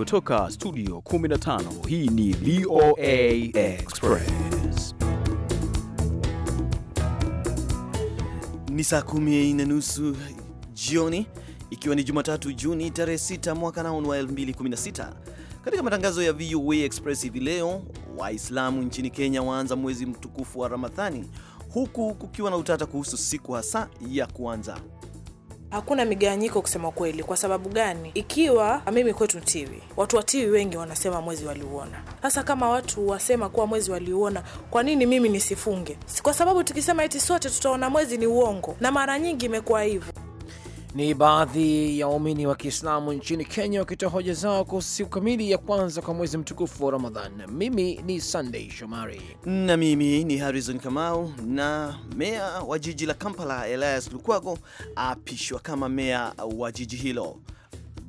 kutoka studio 15 hii ni VOA Express ni saa kumi na nusu jioni ikiwa ni Jumatatu Juni tarehe 6 mwaka naunu wa 2016 katika matangazo ya VOA Express hivi leo Waislamu nchini Kenya waanza mwezi mtukufu wa Ramadhani huku kukiwa na utata kuhusu siku hasa ya kuanza Hakuna migawanyiko kusema kweli. Kwa sababu gani? Ikiwa mimi kwetu tv watu wa tv wengi wanasema mwezi waliuona. Sasa kama watu wasema kuwa mwezi waliuona, kwa nini mimi nisifunge? Kwa sababu tukisema eti sote tutaona mwezi ni uongo, na mara nyingi imekuwa hivyo. Ni baadhi ya waumini wa Kiislamu nchini Kenya wakitoa hoja zao kuhusu siku kamili ya kwanza kwa mwezi mtukufu wa Ramadhan. Mimi ni Sunday Shomari na mimi ni Harrison Kamau. Na meya wa jiji la Kampala Elias Lukwago aapishwa kama meya wa jiji hilo.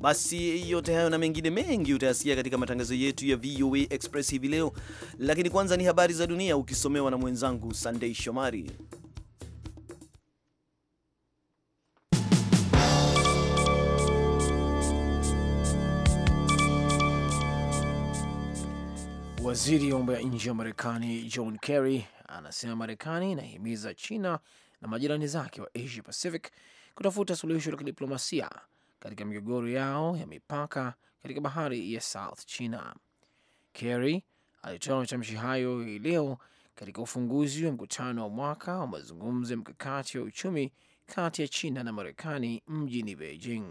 Basi yote hayo na mengine mengi utayasikia katika matangazo yetu ya VOA Express hivi leo, lakini kwanza ni habari za dunia ukisomewa na mwenzangu Sunday Shomari. Waziri wa mambo ya nje wa Marekani John Kerry anasema Marekani inahimiza China na majirani zake wa Asia Pacific kutafuta suluhisho la kidiplomasia katika migogoro yao ya mipaka katika bahari ya South China. Kerry alitoa matamshi hayo hii leo katika ufunguzi wa mkutano wa mwaka wa mazungumzo ya mkakati wa uchumi kati ya China na Marekani mjini Beijing.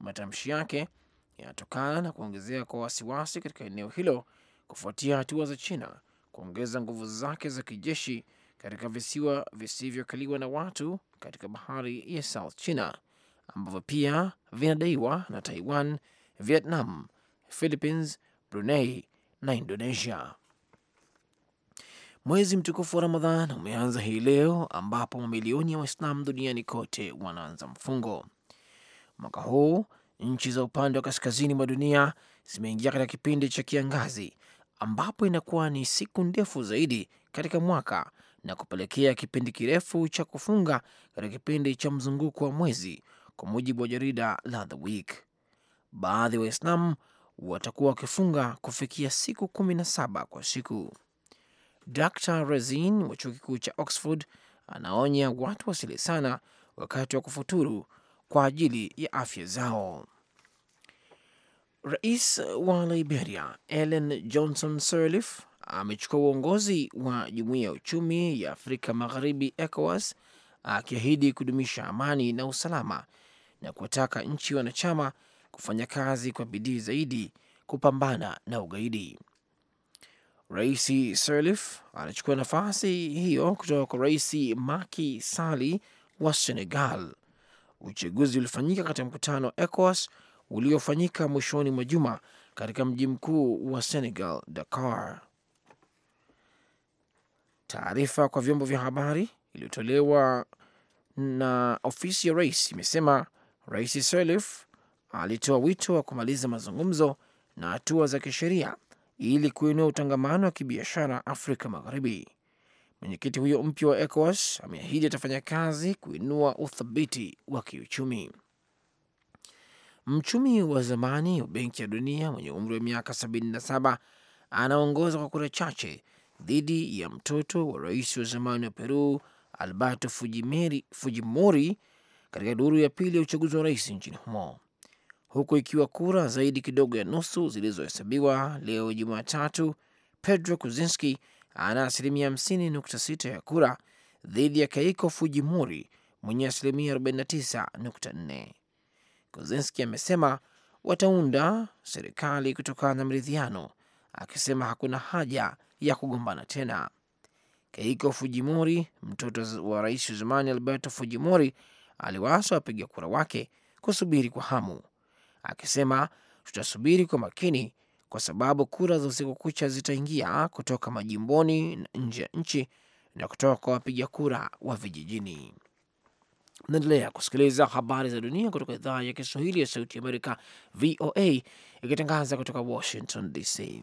Matamshi yake yanatokana na kuongezea kwa wasiwasi katika eneo hilo kufuatia hatua za China kuongeza nguvu zake za kijeshi katika visiwa visivyokaliwa na watu katika bahari ya South China ambavyo pia vinadaiwa na Taiwan, Vietnam, Philippines, Brunei na Indonesia. Mwezi mtukufu wa Ramadhan umeanza hii leo ambapo mamilioni ya waislam duniani kote wanaanza mfungo. Mwaka huu nchi za upande wa kaskazini mwa dunia zimeingia katika kipindi cha kiangazi ambapo inakuwa ni siku ndefu zaidi katika mwaka na kupelekea kipindi kirefu cha kufunga katika kipindi cha mzunguko wa mwezi, kwa mujibu wa jarida la The Week. Baadhi ya wa Waislamu watakuwa wakifunga kufikia siku kumi na saba kwa siku. Dr Razin wa chuo kikuu cha Oxford anaonya watu wasile sana wakati wa kufuturu kwa ajili ya afya zao. Rais wa Liberia Ellen Johnson Sirleaf amechukua uongozi wa jumuiya ya uchumi ya Afrika Magharibi, ECOWAS, akiahidi kudumisha amani na usalama na kuwataka nchi wanachama kufanya kazi kwa bidii zaidi kupambana na ugaidi. Rais Sirleaf anachukua nafasi hiyo kutoka kwa Rais Macky Sall wa Senegal. Uchaguzi ulifanyika katika mkutano wa ECOWAS uliofanyika mwishoni mwa juma katika mji mkuu wa Senegal, Dakar. Taarifa kwa vyombo vya habari iliyotolewa na ofisi ya rais imesema Rais Sirleaf alitoa wito wa kumaliza mazungumzo na hatua za kisheria ili kuinua utangamano wa kibiashara Afrika Magharibi. Mwenyekiti huyo mpya wa ECOWAS ameahidi atafanya kazi kuinua uthabiti wa kiuchumi. Mchumi wa zamani wa Benki ya Dunia mwenye umri wa miaka 77 anaongoza kwa kura chache dhidi ya mtoto wa rais wa zamani wa Peru Alberto Fujimori, katika duru ya pili ya uchaguzi wa rais nchini humo, huku ikiwa kura zaidi kidogo ya nusu zilizohesabiwa leo Jumatatu. Pedro Kuzinski ana asilimia 50.6 ya kura dhidi ya Keiko Fujimori mwenye asilimia 49.4. Kozinski amesema wataunda serikali kutokana na maridhiano, akisema hakuna haja ya kugombana tena. Keiko Fujimori, mtoto wa rais wa zamani Alberto Fujimori, aliwaasa wapiga kura wake kusubiri kwa hamu, akisema tutasubiri kwa makini kwa sababu kura za usiku kucha zitaingia kutoka majimboni na nje ya nchi na kutoka kwa wapiga kura wa vijijini. Naendelea kusikiliza habari za dunia kutoka idhaa ya Kiswahili ya Sauti Amerika, VOA, ikitangaza kutoka Washington DC.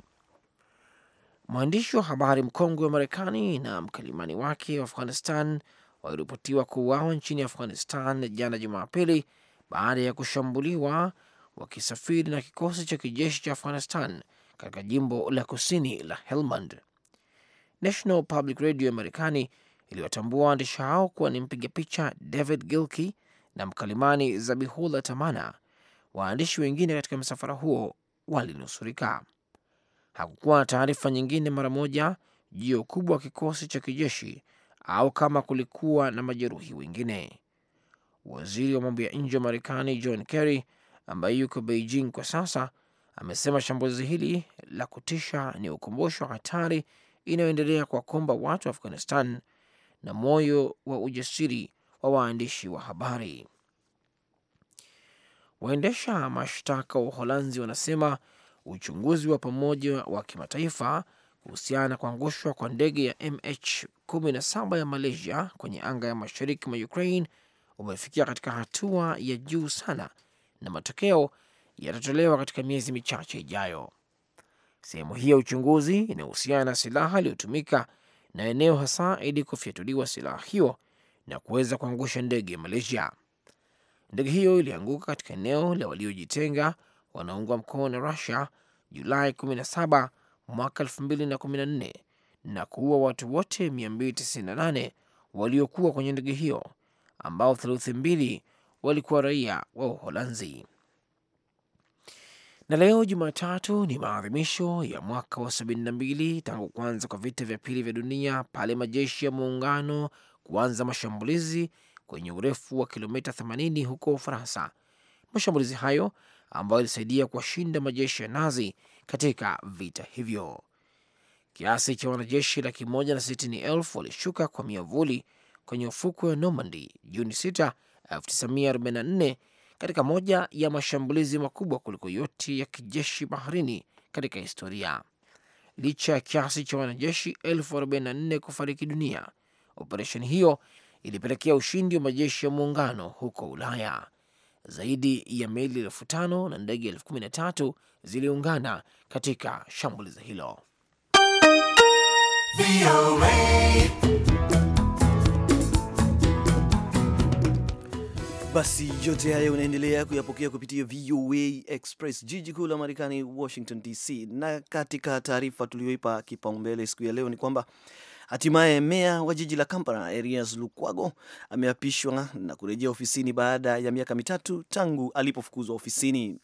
Mwandishi wa habari mkongwe wa Marekani na mkalimani wake wa Afghanistan waliripotiwa kuuawa nchini Afghanistan jana Jumapili baada ya kushambuliwa wakisafiri na kikosi cha kijeshi cha Afghanistan katika jimbo la kusini la Helmand. National Public Radio ya Marekani iliwatambua waandishi hao kuwa ni mpiga picha David Gilkey na mkalimani Zabihullah Tamana. Waandishi wengine katika msafara huo walinusurika. Hakukuwa na taarifa nyingine mara moja juu ya ukubwa wa kikosi cha kijeshi au kama kulikuwa na majeruhi wengine. Waziri wa mambo ya nje wa Marekani John Kerry ambaye yuko Beijing kwa sasa amesema shambulizi hili la kutisha ni ukumbusho wa hatari inayoendelea kuwakumba watu wa Afghanistan na moyo wa ujasiri wa waandishi wa habari. Waendesha mashtaka wa Uholanzi wanasema uchunguzi wa pamoja wa kimataifa kuhusiana na kuangushwa kwa ndege ya MH17 ya Malaysia kwenye anga ya mashariki mwa Ukraine umefikia katika hatua ya juu sana na matokeo yatatolewa katika miezi michache ijayo. Sehemu hii ya uchunguzi inahusiana na silaha iliyotumika na eneo hasa ili kufyatuliwa silaha hiyo na kuweza kuangusha ndege ya Malaysia. Ndege hiyo ilianguka katika eneo la waliojitenga wanaungwa mkono na Rusia Julai 17 mwaka 2014 na kuua watu wote 298 waliokuwa kwenye ndege hiyo ambao theluthi mbili walikuwa raia wa Uholanzi. Na leo Jumatatu ni maadhimisho ya mwaka wa sabini na mbili tangu kuanza kwa vita vya pili vya dunia, pale majeshi ya muungano kuanza mashambulizi kwenye urefu wa kilomita 80 huko Ufaransa. Mashambulizi hayo ambayo ilisaidia kuwashinda majeshi ya Nazi katika vita hivyo. Kiasi cha wanajeshi laki moja na sitini elfu walishuka kwa miavuli kwenye ufukwe wa Normandy Juni 6, 1944 katika moja ya mashambulizi makubwa kuliko yote ya kijeshi baharini katika historia. Licha ya kiasi cha wanajeshi elfu arobaini na nne kufariki dunia, operesheni hiyo ilipelekea ushindi wa majeshi ya muungano huko Ulaya. Zaidi ya meli elfu tano na ndege elfu kumi na tatu ziliungana katika shambulizi hilo. Basi yote hayo unaendelea kuyapokea kupitia VOA Express, jiji kuu la Marekani, Washington DC. Na katika taarifa tuliyoipa kipaumbele siku ya leo ni kwamba hatimaye meya wa jiji la Kampala Erias Lukwago ameapishwa na kurejea ofisini baada ya miaka mitatu tangu alipofukuzwa ofisini.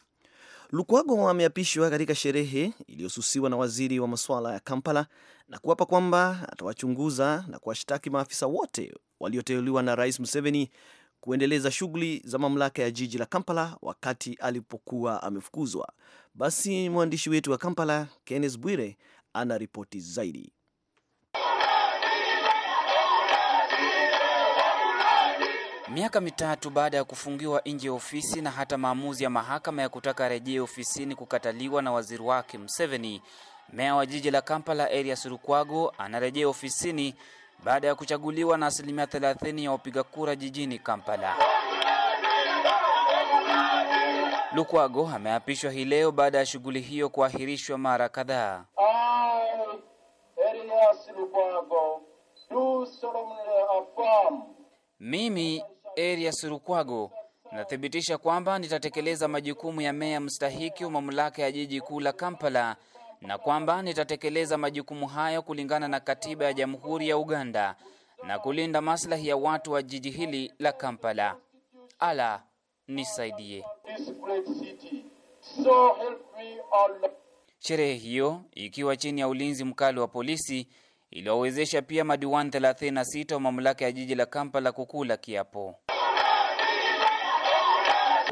Lukwago ameapishwa katika sherehe iliyosusiwa na waziri wa masuala ya Kampala na kuapa kwamba atawachunguza na kuwashtaki maafisa wote walioteuliwa na Rais Museveni kuendeleza shughuli za mamlaka ya jiji la Kampala wakati alipokuwa amefukuzwa. Basi mwandishi wetu wa Kampala Kenneth Bwire ana ripoti zaidi. Miaka mitatu baada ya kufungiwa nje ya ofisi na hata maamuzi ya mahakama ya kutaka arejee ofisini kukataliwa na waziri wake Museveni, meya wa jiji la Kampala Erias Lukwago anarejea ofisini baada ya kuchaguliwa na asilimia 30 ya wapiga kura jijini Kampala. Lukwago ameapishwa hii leo baada ya shughuli hiyo kuahirishwa mara kadhaa. Mimi Erias Lukwago nathibitisha kwamba nitatekeleza majukumu ya meya mstahiki wa mamlaka ya jiji kuu la Kampala na kwamba nitatekeleza majukumu hayo kulingana na katiba ya Jamhuri ya Uganda na kulinda maslahi ya watu wa jiji hili la Kampala. Ala nisaidie. So sherehe hiyo ikiwa chini ya ulinzi mkali wa polisi iliwawezesha pia madiwani 36 wa mamlaka ya jiji la Kampala kukula kiapo.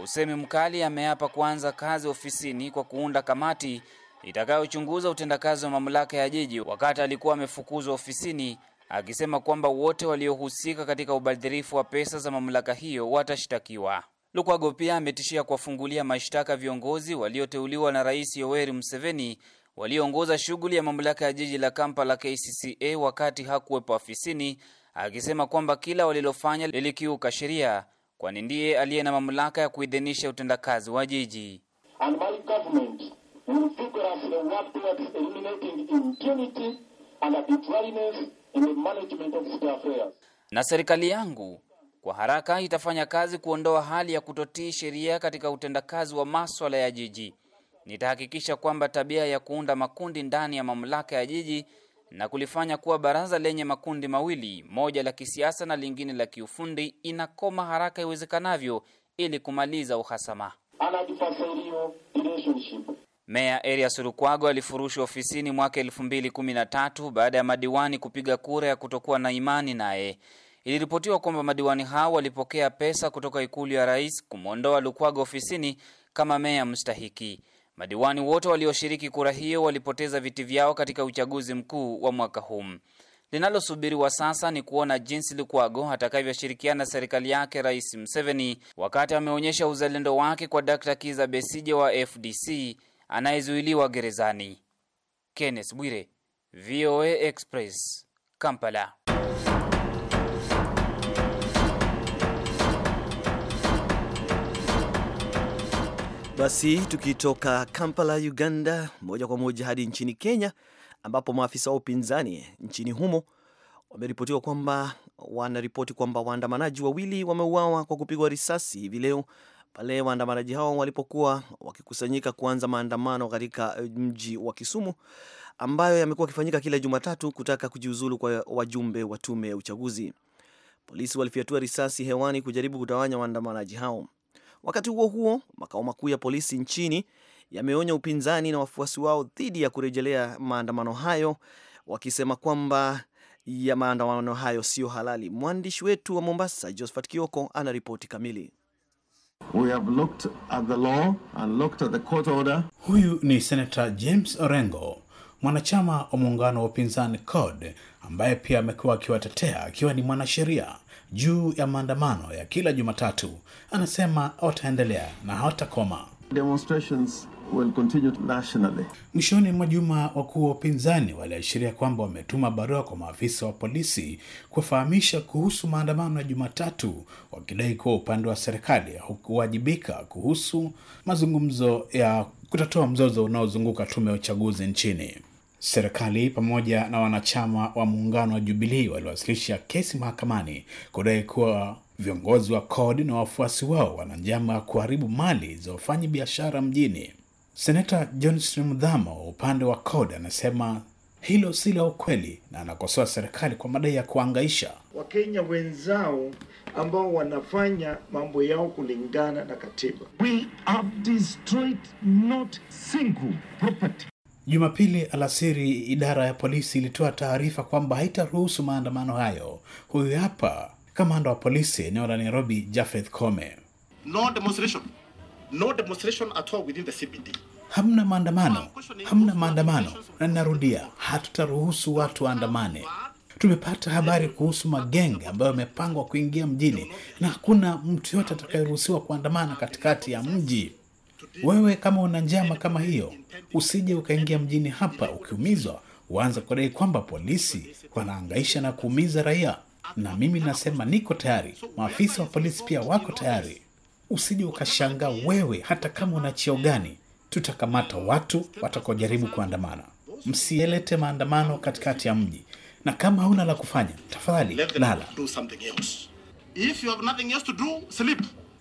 Usemi mkali ameapa kuanza kazi ofisini kwa kuunda kamati itakayochunguza utendakazi wa mamlaka ya jiji wakati alikuwa amefukuzwa ofisini, akisema kwamba wote waliohusika katika ubadhirifu wa pesa za mamlaka hiyo watashtakiwa. Lukwago pia ametishia kuwafungulia mashtaka viongozi walioteuliwa na Rais Yoweri Museveni walioongoza shughuli ya mamlaka ya jiji la Kampala KCCA wakati hakuwepo ofisini, akisema kwamba kila walilofanya lilikiuka sheria, kwani ndiye aliye na mamlaka ya kuidhinisha utendakazi wa jiji. New vigorous work towards eliminating impunity and arbitrariness in the management of state affairs. Na serikali yangu kwa haraka itafanya kazi kuondoa hali ya kutotii sheria katika utendakazi wa maswala ya jiji. Nitahakikisha kwamba tabia ya kuunda makundi ndani ya mamlaka ya jiji na kulifanya kuwa baraza lenye makundi mawili, moja la kisiasa na lingine la kiufundi, inakoma haraka iwezekanavyo ili kumaliza uhasama. Meya Erias Lukwago alifurushwa ofisini mwaka 2013 baada ya madiwani kupiga kura ya kutokuwa na imani naye. Iliripotiwa kwamba madiwani hao walipokea pesa kutoka ikulu ya rais kumwondoa Lukwago ofisini kama meya mstahiki. Madiwani wote walioshiriki kura hiyo walipoteza viti vyao katika uchaguzi mkuu wa mwaka huu. Linalosubiriwa sasa ni kuona jinsi Lukwago atakavyoshirikiana na serikali yake Rais mseveni wakati ameonyesha uzalendo wake kwa Dkt. Kiza Besije wa FDC anayezuiliwa gerezani. Kenneth Bwire, VOA Express, Kampala. Basi tukitoka Kampala, Uganda, moja kwa moja hadi nchini Kenya, ambapo maafisa wa upinzani nchini humo wameripotiwa kwamba wanaripoti kwamba waandamanaji wawili wameuawa kwa kupigwa risasi hivi leo pale waandamanaji hao walipokuwa wakikusanyika kuanza maandamano katika eh, mji wa Kisumu ambayo yamekuwa yakifanyika kila Jumatatu kutaka kujiuzulu kwa wajumbe wa tume ya uchaguzi. Polisi walifyatua risasi hewani kujaribu kutawanya waandamanaji hao. Wakati huo huo, makao makuu ya polisi nchini yameonya upinzani na wafuasi wao dhidi ya kurejelea maandamano hayo, wakisema kwamba ya maandamano hayo siyo halali. Mwandishi wetu wa Mombasa, Josephat Kioko, ana ripoti kamili. We have looked at the law and looked at the court order. Huyu ni Senator James Orengo, mwanachama wa muungano wa upinzani CORD, ambaye pia amekuwa akiwatetea akiwa ni mwanasheria juu ya maandamano ya kila Jumatatu. Anasema wataendelea na hawatakoma. Demonstrations will continue nationally. Mwishoni mwa juma, wakuu wa upinzani waliashiria kwamba wametuma barua kwa maafisa wa polisi kufahamisha kuhusu maandamano ya Jumatatu, wakidai kuwa upande wa serikali hukuwajibika kuhusu mazungumzo ya kutatua mzozo unaozunguka tume ya uchaguzi nchini. Serikali pamoja na wanachama wa muungano wa Jubilii waliwasilisha kesi mahakamani kudai kuwa viongozi wa CORD na wafuasi wao wana njama ya kuharibu mali za biashara mjini. Seneta Johnson Mudhama wa upande wa CORD anasema hilo si la ukweli na anakosoa serikali kwa madai ya kuangaisha Wakenya wenzao ambao wanafanya mambo yao kulingana na katiba. We have destroyed not single property. Jumapili alasiri, idara ya polisi ilitoa taarifa kwamba haitaruhusu maandamano hayo. Huyu hapa kamanda wa polisi eneo la Nairobi, Jafeth Kome. No demonstration no demonstration at all within the CBD. Hamna maandamano, hamna maandamano, na ninarudia, hatutaruhusu watu waandamane. Tumepata habari kuhusu magenge ambayo yamepangwa kuingia mjini na hakuna mtu yote atakayeruhusiwa kuandamana katikati ya mji. Wewe kama una njama kama hiyo, usije ukaingia mjini hapa ukiumizwa, uanze kudai kwamba polisi wanaangaisha na kuumiza raia. Na mimi nasema niko tayari, maafisa wa polisi pia wako tayari usije ukashangaa wewe, hata kama una cheo gani, tutakamata watu watakaojaribu kuandamana. Msielete maandamano katikati ya mji, na kama hauna la kufanya, tafadhali lala.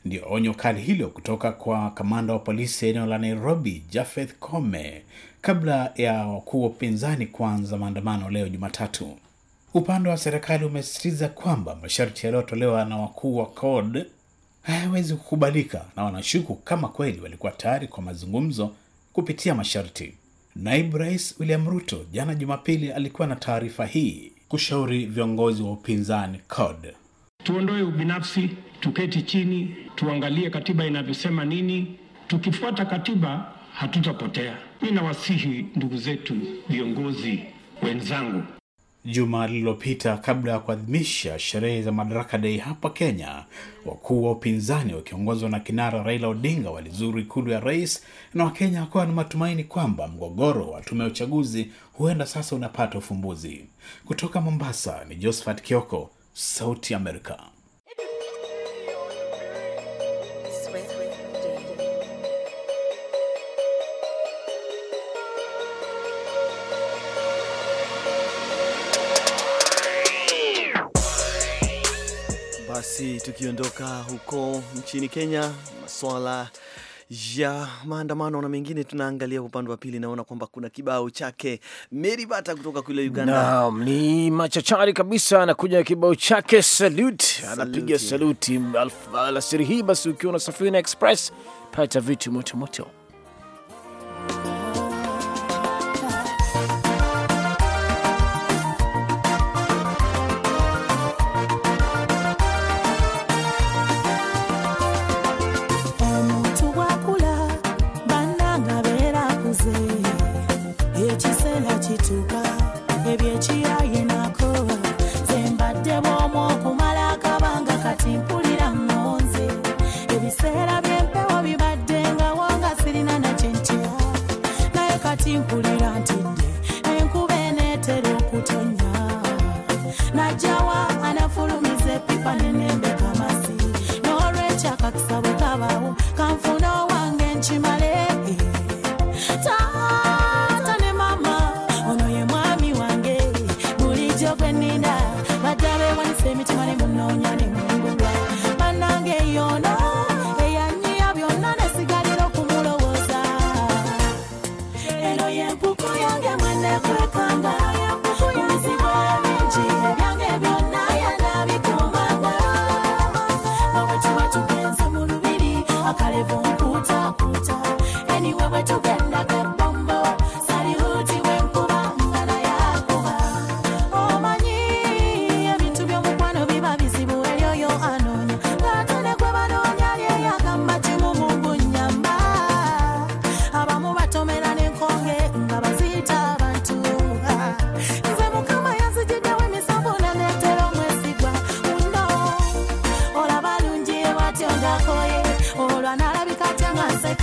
Ndio onyo kali hilo kutoka kwa kamanda wa polisi eneo la Nairobi, Jafeth Kome, kabla ya wakuu wa upinzani kuanza maandamano leo Jumatatu. Upande wa serikali umesisitiza kwamba masharti yaliyotolewa na wakuu wa CORD Eh, hayawezi kukubalika na wanashuku kama kweli walikuwa tayari kwa mazungumzo kupitia masharti. Naibu Rais William Ruto jana Jumapili alikuwa na taarifa hii kushauri viongozi wa upinzani CORD tuondoe ubinafsi, tuketi chini, tuangalie katiba inavyosema nini. Tukifuata katiba hatutapotea. Mi nawasihi ndugu zetu viongozi wenzangu juma lililopita kabla ya kuadhimisha sherehe za Madaraka Dei hapa Kenya, wakuu wa upinzani wakiongozwa na kinara Raila Odinga walizuru ikulu ya rais, na Wakenya wakiwa na matumaini kwamba mgogoro wa tume ya uchaguzi huenda sasa unapata ufumbuzi. Kutoka Mombasa ni Josephat Kioko, Sauti Amerika. basi tukiondoka huko nchini Kenya, masuala ya maandamano na mengine, tunaangalia upande wa pili. Naona kwamba kuna kibao chake Mary Bata kutoka kule Uganda. Naam, ni machachari kabisa, anakuja kibao chake Salute, anapiga saluti alasiri hii. Basi ukiwa na na express, pata vitu motomoto.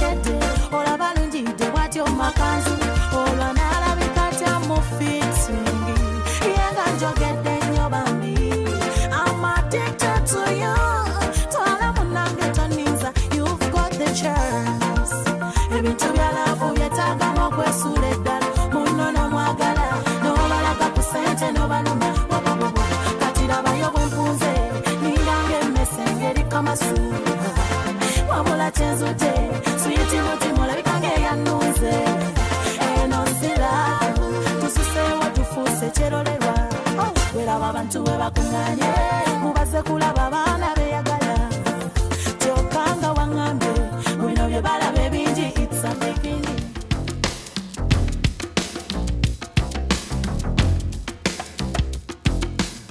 tete olabalungi tewatya omumakanzu abantu we bakuŋŋanye mubaze kulaba abaana beyagala kyokka nga waŋŋambye bino bye balaba ebingi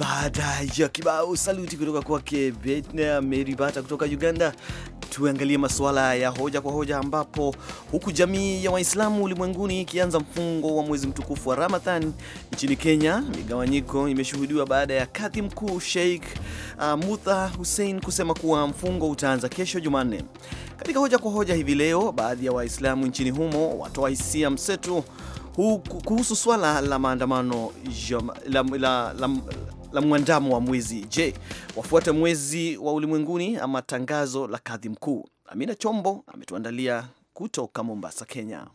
baada ya kibao saluti kutoka kwake Betna Mary kutoka Uganda tuangalie masuala ya hoja kwa hoja, ambapo huku jamii ya Waislamu ulimwenguni ikianza mfungo wa mwezi mtukufu wa Ramadhan, nchini Kenya migawanyiko imeshuhudiwa baada ya kadhi mkuu Sheikh uh, Mutha Hussein kusema kuwa mfungo utaanza kesho Jumanne. Katika hoja kwa hoja hivi leo, baadhi ya Waislamu nchini humo watoa hisia mseto kuhusu swala la maandamano la, la, la, la la mwandamo wa mwezi. Je, wafuata mwezi wa ulimwenguni ama tangazo la kadhi mkuu? Amina Chombo ametuandalia kutoka Mombasa, Kenya.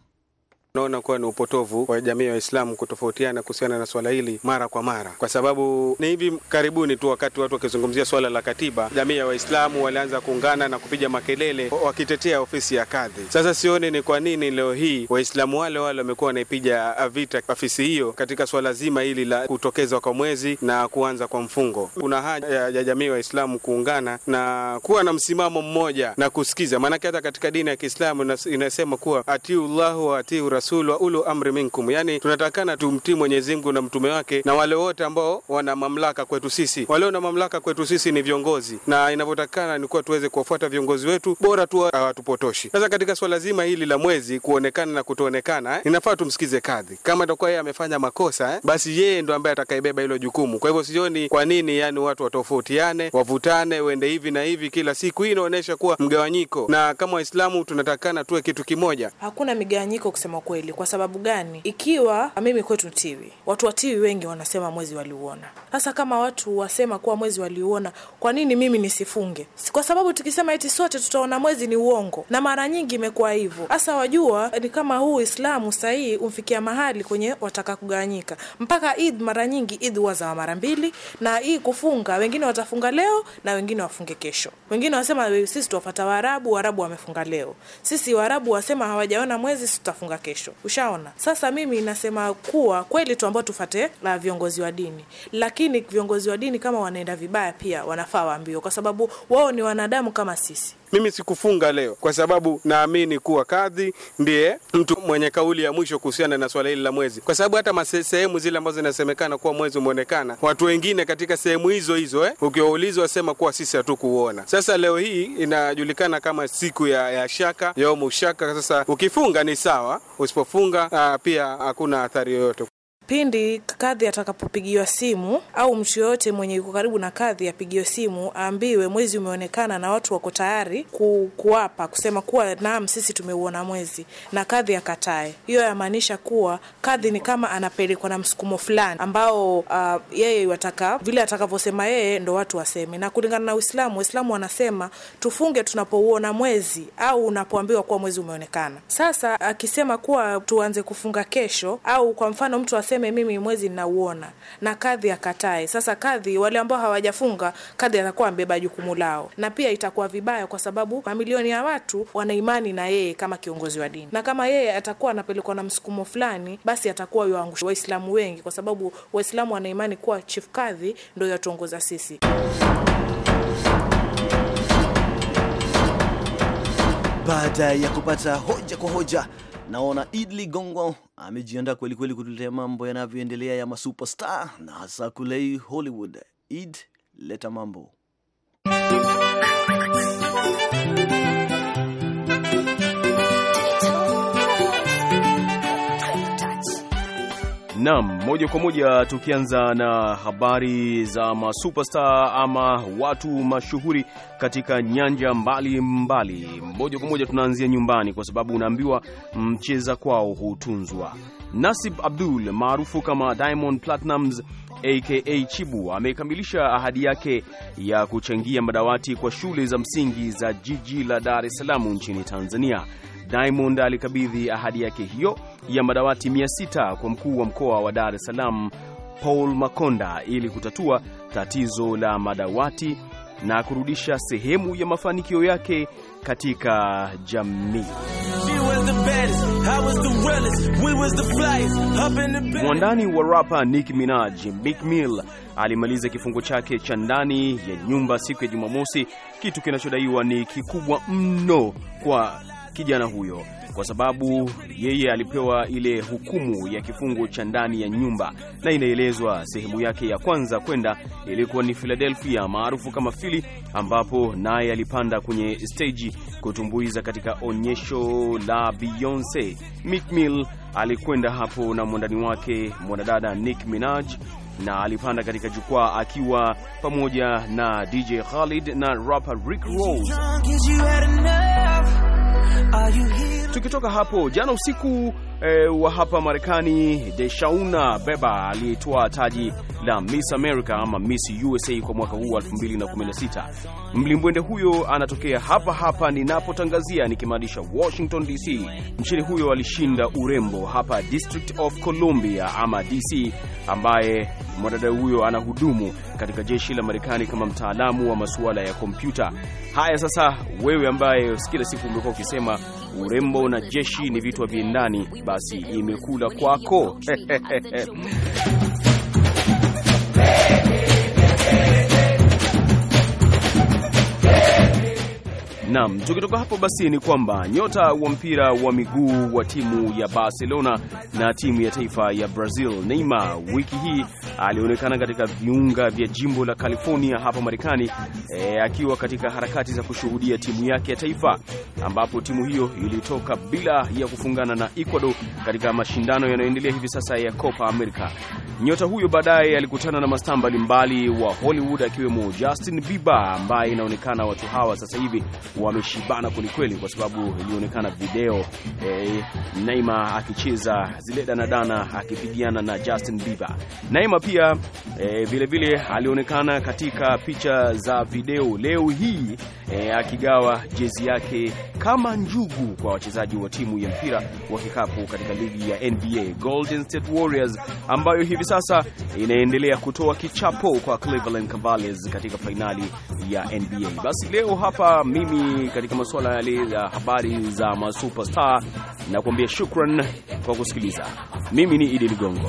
Naona kuwa ni upotovu wa jamii ya Waislamu kutofautiana kuhusiana na swala hili mara kwa mara, kwa sababu ni hivi karibuni tu, wakati watu wakizungumzia swala la katiba, jamii ya Waislamu walianza kuungana na kupiga makelele wakitetea ofisi ya kadhi. Sasa sioni ni kwa nini leo hii Waislamu wale wale wamekuwa wanaipiga vita ofisi hiyo katika swala zima hili la kutokezwa kwa mwezi na kuanza kwa mfungo. Kuna haja ya jamii ya Waislamu kuungana na kuwa na msimamo mmoja na kusikiza, maanake hata katika dini ya Kiislamu inasema kuwa atiullahu wa atiu rasul wa ulu amri minkum, yani tunatakana tumtii Mwenyezi na mtume wake na wale wote ambao wana mamlaka kwetu sisi. Walio na mamlaka kwetu sisi ni viongozi, na inavyotakana ni kuwa tuweze kuwafuata viongozi wetu, bora tu hawatupotoshi. Sasa katika swala zima hili la mwezi kuonekana na kutoonekana, eh, inafaa tumsikize kadhi. Kama atakuwa yeye amefanya makosa eh, basi yeye ndo ambaye atakayebeba hilo jukumu. Kwa hivyo sioni kwa nini yani watu watofautiane, wavutane, wende hivi na hivi kila siku. Hii inaonyesha kuwa mgawanyiko, na kama Waislamu tunatakana tuwe kitu kimoja. Hakuna migawanyiko kusema kweli kweli. Kwa sababu gani? Ikiwa mimi kwetu Tiwi, watu wa Tiwi wengi wanasema mwezi waliuona. Sasa kama watu wasema kuwa mwezi waliuona, kwa nini mimi nisifunge? Kwa sababu tukisema eti sote tutaona mwezi ni uongo, na mara nyingi imekuwa hivyo. Sasa wajua, ni kama huu Uislamu sahihi umfikia mahali kwenye wataka kugawanyika. Mpaka Eid mara nyingi Eid huwa za mara mbili, na hii kufunga, wengine watafunga leo na wengine wafunge kesho. Wengine wasema sisi tuwafata Waarabu, Waarabu wamefunga leo. Sisi Waarabu wasema hawajaona mwezi, tutafunga kesho kesho. Ushaona? Sasa mimi nasema kuwa kweli tu ambao tufate la viongozi wa dini, lakini viongozi wa dini kama wanaenda vibaya, pia wanafaa waambiwe, kwa sababu wao ni wanadamu kama sisi. Mimi sikufunga leo kwa sababu naamini kuwa kadhi ndiye mtu mwenye kauli ya mwisho kuhusiana na swala hili la mwezi, kwa sababu hata sehemu zile ambazo zinasemekana kuwa mwezi umeonekana, watu wengine katika sehemu hizo hizo eh, ukiwaulizwa wasema kuwa sisi hatukuuona. Sasa leo hii inajulikana kama siku ya, ya shaka yaomu shaka. Sasa ukifunga ni sawa, usipofunga ah, pia hakuna athari yoyote pindi kadhi atakapopigiwa simu au mtu yoyote mwenye yuko karibu na kadhi apigiwe simu, aambiwe mwezi umeonekana na watu wako tayari ku, kuapa kusema kuwa naam, sisi tumeuona mwezi na kadhi akatae, hiyo yamaanisha kuwa kadhi ni kama anapelekwa na msukumo fulani ambao uh, yeye wataka vile atakavyosema yeye ndo watu waseme. Na kulingana na Uislamu, Waislamu wanasema tufunge tunapouona mwezi au unapoambiwa kuwa mwezi umeonekana. Sasa akisema kuwa tuanze kufunga kesho au kwa mfano mtu aseme mimi mwezi nauona na kadhi akatae. Sasa kadhi, wale ambao hawajafunga kadhi atakuwa ambeba jukumu lao, na pia itakuwa vibaya, kwa sababu mamilioni ya watu wana imani na yeye kama kiongozi wa dini, na kama yeye atakuwa anapelekwa na msukumo fulani, basi atakuwa yuangusha Waislamu wengi, kwa sababu Waislamu wana imani kuwa chief kadhi ndio yatuongoza sisi. Baada ya kupata hoja kwa hoja Naona Id amejianda amejiandaa kwelikweli kutuletea mambo yanavyoendelea ya masuperstar na hasa kule Hollywood. Id, leta mambo Naam, moja kwa moja tukianza na habari za masuperstar ama watu mashuhuri katika nyanja mbalimbali. Moja kwa moja tunaanzia nyumbani, kwa sababu unaambiwa mcheza kwao hutunzwa. Nasib Abdul maarufu kama Diamond Platnumz aka Chibu amekamilisha ahadi yake ya kuchangia madawati kwa shule za msingi za jiji la Dar es Salaam nchini Tanzania. Diamond alikabidhi ahadi yake hiyo ya madawati 600 kwa mkuu wa mkoa wa Dar es Salaam Paul Makonda ili kutatua tatizo la madawati na kurudisha sehemu ya mafanikio yake katika jamii. Mwandani wa rapa Nicki Minaj, Meek Mill alimaliza kifungo chake cha ndani ya nyumba siku ya Jumamosi, kitu kinachodaiwa ni kikubwa mno kwa kijana huyo kwa sababu yeye alipewa ile hukumu ya kifungo cha ndani ya nyumba, na inaelezwa sehemu yake ya kwanza kwenda ilikuwa ni Philadelphia maarufu kama Philly, ambapo naye alipanda kwenye steji kutumbuiza katika onyesho la Beyonce. Meek Mill alikwenda hapo na mwandani wake mwanadada Nick Minaj na alipanda katika jukwaa akiwa pamoja na DJ Khalid na rapper Rick Ross. Tukitoka hapo jana usiku e, wa hapa Marekani Deshauna Beba aliyetoa taji la Miss America ama Miss USA kwa mwaka huu 2016. Mlimbwende huyo anatokea hapa hapa ninapotangazia nikimaanisha Washington DC. Mchini huyo alishinda urembo hapa District of Columbia ama DC, ambaye mwanadada huyo anahudumu katika jeshi la Marekani kama mtaalamu wa masuala ya kompyuta. Haya sasa, wewe ambaye kila siku umekuwa ukisema urembo na jeshi ni vitu vya ndani, basi imekula kwako. Naam, tukitoka hapo basi ni kwamba nyota wa mpira wa miguu wa timu ya Barcelona na timu ya taifa ya Brazil Neymar wiki hii alionekana katika viunga vya jimbo la California hapa Marekani e, akiwa katika harakati za kushuhudia timu yake ya taifa ambapo timu hiyo ilitoka bila ya kufungana na Ecuador katika mashindano yanayoendelea hivi sasa ya Copa America. Nyota huyo baadaye alikutana na mastaa mbalimbali wa Hollywood akiwemo Justin Bieber ambaye inaonekana watu hawa sasa hivi wameshibana kwelikweli, kwa sababu ilionekana video eh, Neymar akicheza zile danadana akipigiana na Justin Bieber. Neymar pia vilevile eh, vile alionekana katika picha za video leo hii eh, akigawa jezi yake kama njugu kwa wachezaji wa timu ya mpira wa kikapu katika ligi ya NBA Golden State Warriors ambayo hivi sasa inaendelea kutoa kichapo kwa Cleveland Cavaliers katika fainali ya NBA. Basi leo hapa mimi katika masuala yale ya habari za masuperstar, na kuambia shukran kwa kusikiliza. Mimi ni Idi Ligongo.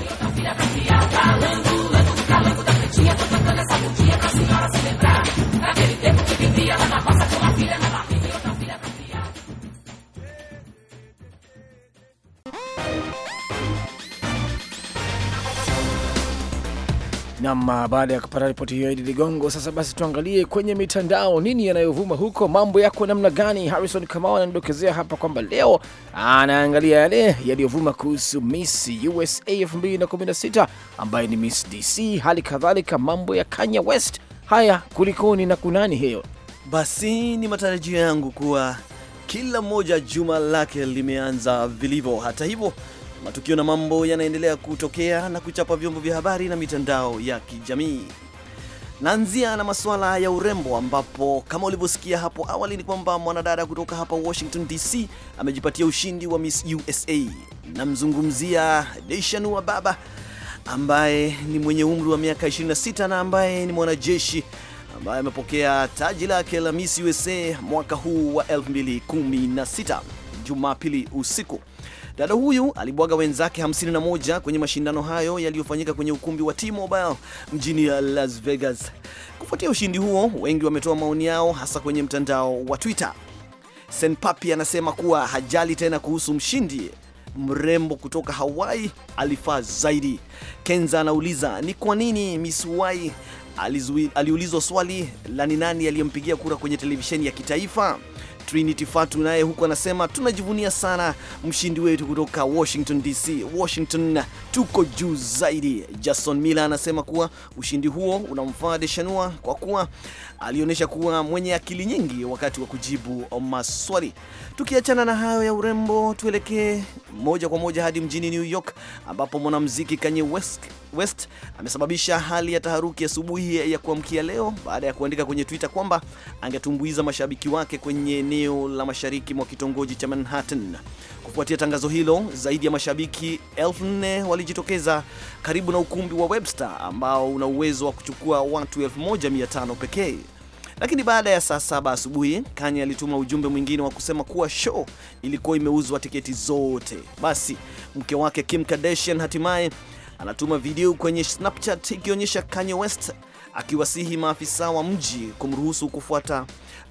Nam, baada ya kupata ripoti hiyo Idi Ligongo, sasa basi tuangalie kwenye mitandao, nini yanayovuma huko, mambo yako namna gani? Harrison Kamau ananidokezea hapa kwamba leo anaangalia yale yaliyovuma kuhusu Miss USA 2016 ambaye ni Miss DC, hali kadhalika mambo ya Kanye West. Haya, kulikoni na kunani hiyo? Basi ni matarajio yangu kuwa kila mmoja juma lake limeanza vilivyo. Hata hivyo matukio na mambo yanaendelea kutokea na kuchapa vyombo vya habari na mitandao ya kijamii. Naanzia na masuala ya urembo ambapo kama ulivyosikia hapo awali ni kwamba mwanadada kutoka hapa Washington DC amejipatia ushindi wa Miss USA. Namzungumzia Deishanua Baba ambaye ni mwenye umri wa miaka 26 na ambaye ni mwanajeshi ambaye amepokea taji lake la Miss USA mwaka huu wa 2016 Jumapili usiku. Dada huyu alibwaga wenzake 51 kwenye mashindano hayo yaliyofanyika kwenye ukumbi wa T-Mobile mjini Las Vegas. Kufuatia ushindi huo, wengi wametoa maoni yao hasa kwenye mtandao wa Twitter. Senpapi anasema kuwa hajali tena kuhusu mshindi mrembo kutoka Hawaii alifaa zaidi. Kenza anauliza ni kwa nini Miss Wai aliulizwa swali la ni nani aliyempigia kura kwenye televisheni ya kitaifa. Trinity Fatu naye huko anasema tunajivunia sana mshindi wetu kutoka Washington DC. Washington tuko juu zaidi. Jason Miller anasema kuwa ushindi huo unamfaa Deshanua kwa kuwa alionyesha kuwa mwenye akili nyingi wakati wa kujibu maswali. Tukiachana na hayo ya urembo, tuelekee moja kwa moja hadi mjini New York ambapo mwanamuziki Kanye West West amesababisha hali ya taharuki asubuhi ya kuamkia leo baada ya kuandika kwenye Twitter kwamba angetumbuiza mashabiki wake kwenye eneo la mashariki mwa kitongoji cha Manhattan. Kufuatia tangazo hilo, zaidi ya mashabiki elfu nne walijitokeza karibu na ukumbi wa Webster ambao una uwezo wa kuchukua watu 1500 pekee. Lakini baada ya saa saba asubuhi Kanye alituma ujumbe mwingine wa kusema kuwa show ilikuwa imeuzwa tiketi zote. Basi mke wake Kim Kardashian hatimaye anatuma video kwenye Snapchat ikionyesha Kanye West akiwasihi maafisa wa mji kumruhusu kufuata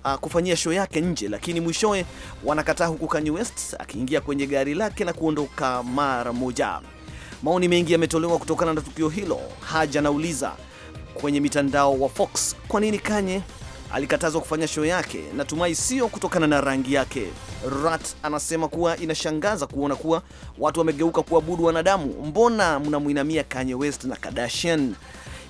uh, kufanyia show yake nje, lakini mwishowe wanakataa, huku Kanye West akiingia kwenye gari lake na kuondoka mara moja. Maoni mengi yametolewa kutokana na tukio hilo. Haja anauliza kwenye mitandao wa Fox, kwa nini Kanye alikatazwa kufanya show yake, natumai sio kutokana na rangi yake. Rat anasema kuwa inashangaza kuona kuwa watu wamegeuka kuabudu wanadamu. Mbona mnamwinamia Kanye West na Kardashian?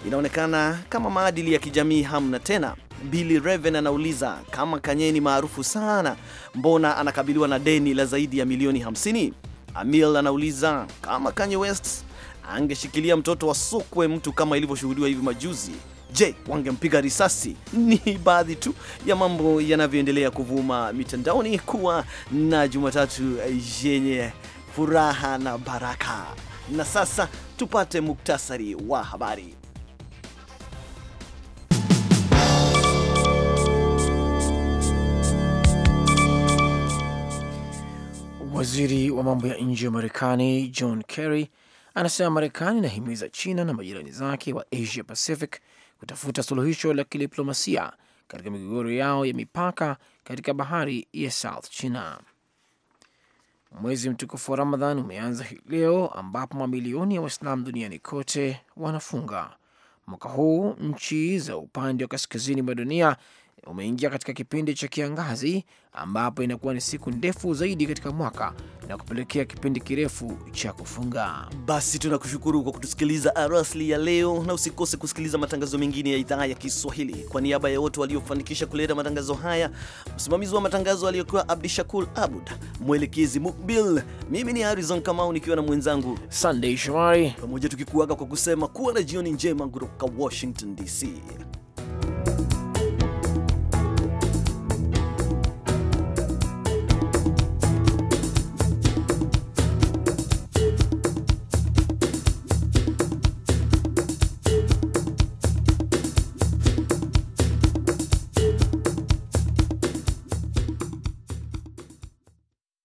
Inaonekana kama maadili ya kijamii hamna tena. Billy Raven anauliza kama Kanye ni maarufu sana, mbona anakabiliwa na deni la zaidi ya milioni 50? Amil anauliza kama Kanye West angeshikilia mtoto wa sokwe mtu kama ilivyoshuhudiwa hivi majuzi Je, wangempiga risasi? Ni baadhi tu ya mambo yanavyoendelea kuvuma mitandaoni. Kuwa na Jumatatu yenye furaha na baraka. Na sasa tupate muktasari wa habari. Waziri wa mambo ya nje wa Marekani John Kerry anasema Marekani inahimiza China na majirani zake wa Asia Pacific kutafuta suluhisho la kidiplomasia katika migogoro yao ya mipaka katika bahari ya South China. Mwezi mtukufu wa Ramadhan umeanza hii leo ambapo mamilioni ya Waislamu duniani kote wanafunga. Mwaka huu nchi za upande wa kaskazini mwa dunia umeingia katika kipindi cha kiangazi ambapo inakuwa ni siku ndefu zaidi katika mwaka na kupelekea kipindi kirefu cha kufunga. Basi tunakushukuru kwa kutusikiliza arasli ya leo, na usikose kusikiliza matangazo mengine ya idhaa ya Kiswahili. Kwa niaba ya wote waliofanikisha kuleta matangazo haya, msimamizi wa matangazo aliyokuwa Abdi Abud, mwelekezi Mukbil, mimi ni Harizon Kamau nikiwa na mwenzangu Sandey Shomari, pamoja tukikuaga kwa kusema kuwa na jioni njema kutoka Washington DC.